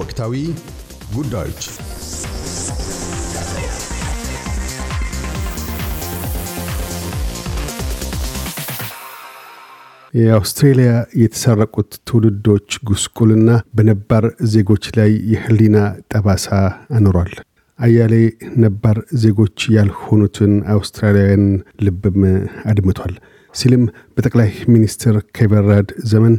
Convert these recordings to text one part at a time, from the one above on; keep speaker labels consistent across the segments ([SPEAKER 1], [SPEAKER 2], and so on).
[SPEAKER 1] ወቅታዊ ጉዳዮች የአውስትሬሊያ የተሰረቁት ትውልዶች ጉስቁልና በነባር ዜጎች ላይ የህሊና ጠባሳ አኖሯል አያሌ ነባር ዜጎች ያልሆኑትን አውስትራሊያውያን ልብም አድምቷል ሲልም በጠቅላይ ሚኒስትር ኬቨን ዘመን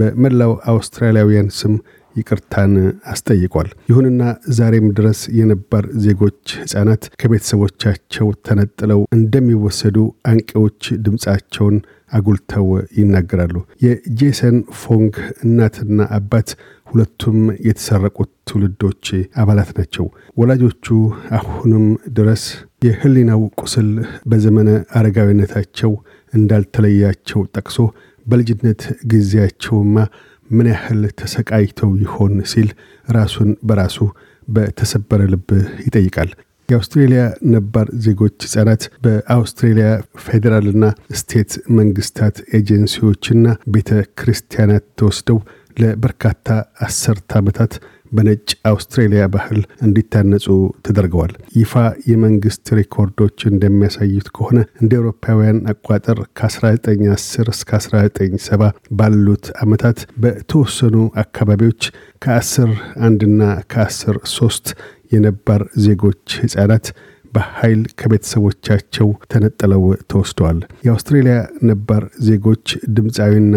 [SPEAKER 1] በመላው አውስትራሊያውያን ስም ይቅርታን አስጠይቋል። ይሁንና ዛሬም ድረስ የነባር ዜጎች ሕፃናት ከቤተሰቦቻቸው ተነጥለው እንደሚወሰዱ አንቂዎች ድምፃቸውን አጉልተው ይናገራሉ። የጄሰን ፎንግ እናትና አባት ሁለቱም የተሰረቁት ትውልዶች አባላት ናቸው። ወላጆቹ አሁንም ድረስ የህሊናው ቁስል በዘመነ አረጋዊነታቸው እንዳልተለያቸው ጠቅሶ በልጅነት ጊዜያቸውማ ምን ያህል ተሰቃይተው ይሆን ሲል ራሱን በራሱ በተሰበረ ልብ ይጠይቃል። የአውስትሬሊያ ነባር ዜጎች ህጻናት በአውስትሬሊያ ፌዴራልና ስቴት መንግስታት ኤጀንሲዎችና ቤተ ክርስቲያናት ተወስደው ለበርካታ አሰርት ዓመታት በነጭ አውስትሬሊያ ባህል እንዲታነጹ ተደርገዋል። ይፋ የመንግስት ሪኮርዶች እንደሚያሳዩት ከሆነ እንደ አውሮፓውያን አቋጠር ከ1910 እስከ 1970 ባሉት ዓመታት በተወሰኑ አካባቢዎች ከ10 እና ከ10 ሶስት የነባር ዜጎች ሕፃናት በኃይል ከቤተሰቦቻቸው ተነጥለው ተወስደዋል። የአውስትሬልያ ነባር ዜጎች ድምፃዊና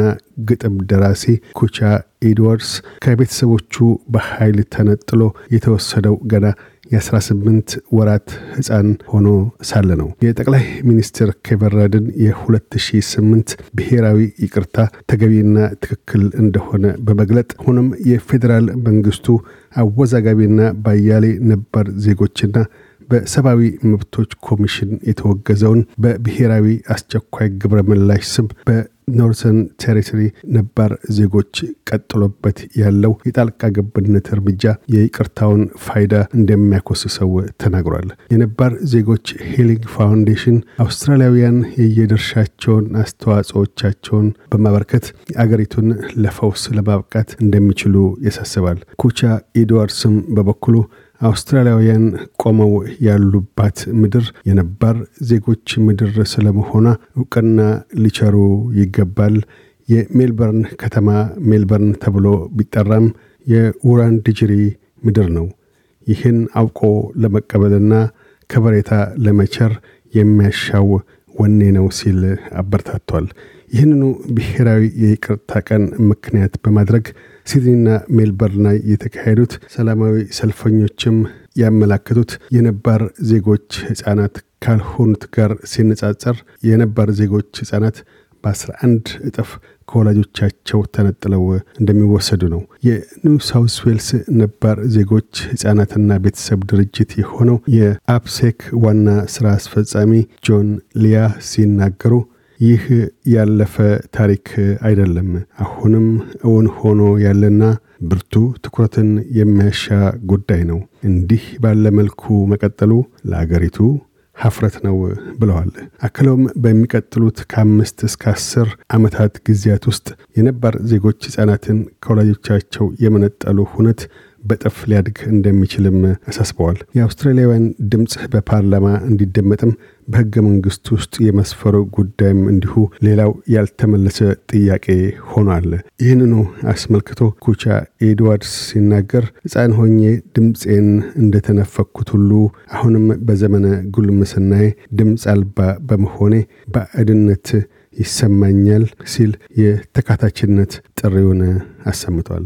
[SPEAKER 1] ግጥም ደራሲ ኩቻ ኤድዋርድስ ከቤተሰቦቹ በኃይል ተነጥሎ የተወሰደው ገና የ18 ወራት ሕፃን ሆኖ ሳለ ነው። የጠቅላይ ሚኒስትር ኬቨራድን የ2008 ብሔራዊ ይቅርታ ተገቢና ትክክል እንደሆነ በመግለጥ ሆኖም የፌዴራል መንግስቱ አወዛጋቢና ባያሌ ነባር ዜጎችና በሰብአዊ መብቶች ኮሚሽን የተወገዘውን በብሔራዊ አስቸኳይ ግብረ ምላሽ ስም በኖርዘርን ቴሪቶሪ ነባር ዜጎች ቀጥሎበት ያለው የጣልቃ ገብነት እርምጃ የይቅርታውን ፋይዳ እንደሚያኮስሰው ተናግሯል። የነባር ዜጎች ሂሊንግ ፋውንዴሽን አውስትራሊያውያን የየድርሻቸውን አስተዋጽኦቻቸውን በማበርከት አገሪቱን ለፈውስ ለማብቃት እንደሚችሉ ያሳስባል። ኩቻ ኤድዋርድስም በበኩሉ አውስትራሊያውያን ቆመው ያሉባት ምድር የነባር ዜጎች ምድር ስለመሆኗ እውቅና ሊቸሩ ይገባል። የሜልበርን ከተማ ሜልበርን ተብሎ ቢጠራም የውራን ድጅሪ ምድር ነው። ይህን አውቆ ለመቀበልና ከበሬታ ለመቸር የሚያሻው ወኔ ነው ሲል አበርታቷል። ይህንኑ ብሔራዊ የይቅርታ ቀን ምክንያት በማድረግ ሲድኒና ሜልበርን ላይ የተካሄዱት ሰላማዊ ሰልፈኞችም ያመላከቱት የነባር ዜጎች ህጻናት ካልሆኑት ጋር ሲነጻጸር የነባር ዜጎች ህጻናት በ11 እጥፍ ከወላጆቻቸው ተነጥለው እንደሚወሰዱ ነው። የኒው ሳውስ ዌልስ ነባር ዜጎች ህጻናትና ቤተሰብ ድርጅት የሆነው የአፕሴክ ዋና ስራ አስፈጻሚ ጆን ሊያ ሲናገሩ ይህ ያለፈ ታሪክ አይደለም፣ አሁንም እውን ሆኖ ያለና ብርቱ ትኩረትን የሚያሻ ጉዳይ ነው። እንዲህ ባለ መልኩ መቀጠሉ ለአገሪቱ ሀፍረት ነው ብለዋል። አክለውም በሚቀጥሉት ከአምስት እስከ አስር ዓመታት ጊዜያት ውስጥ የነባር ዜጎች ሕፃናትን ከወላጆቻቸው የመነጠሉ ሁነት በጥፍ ሊያድግ እንደሚችልም አሳስበዋል። የአውስትራሊያውያን ድምፅ በፓርላማ እንዲደመጥም በህገ መንግስት ውስጥ የመስፈሩ ጉዳይም እንዲሁ ሌላው ያልተመለሰ ጥያቄ ሆኗል። ይህንኑ አስመልክቶ ኩቻ ኤድዋርድስ ሲናገር ሕፃን ሆኜ ድምፄን እንደተነፈኩት ሁሉ አሁንም በዘመነ ጉልምስናዬ ድምፅ አልባ በመሆኔ ባዕድነት ይሰማኛል ሲል የተካታችነት ጥሪውን አሰምቷል።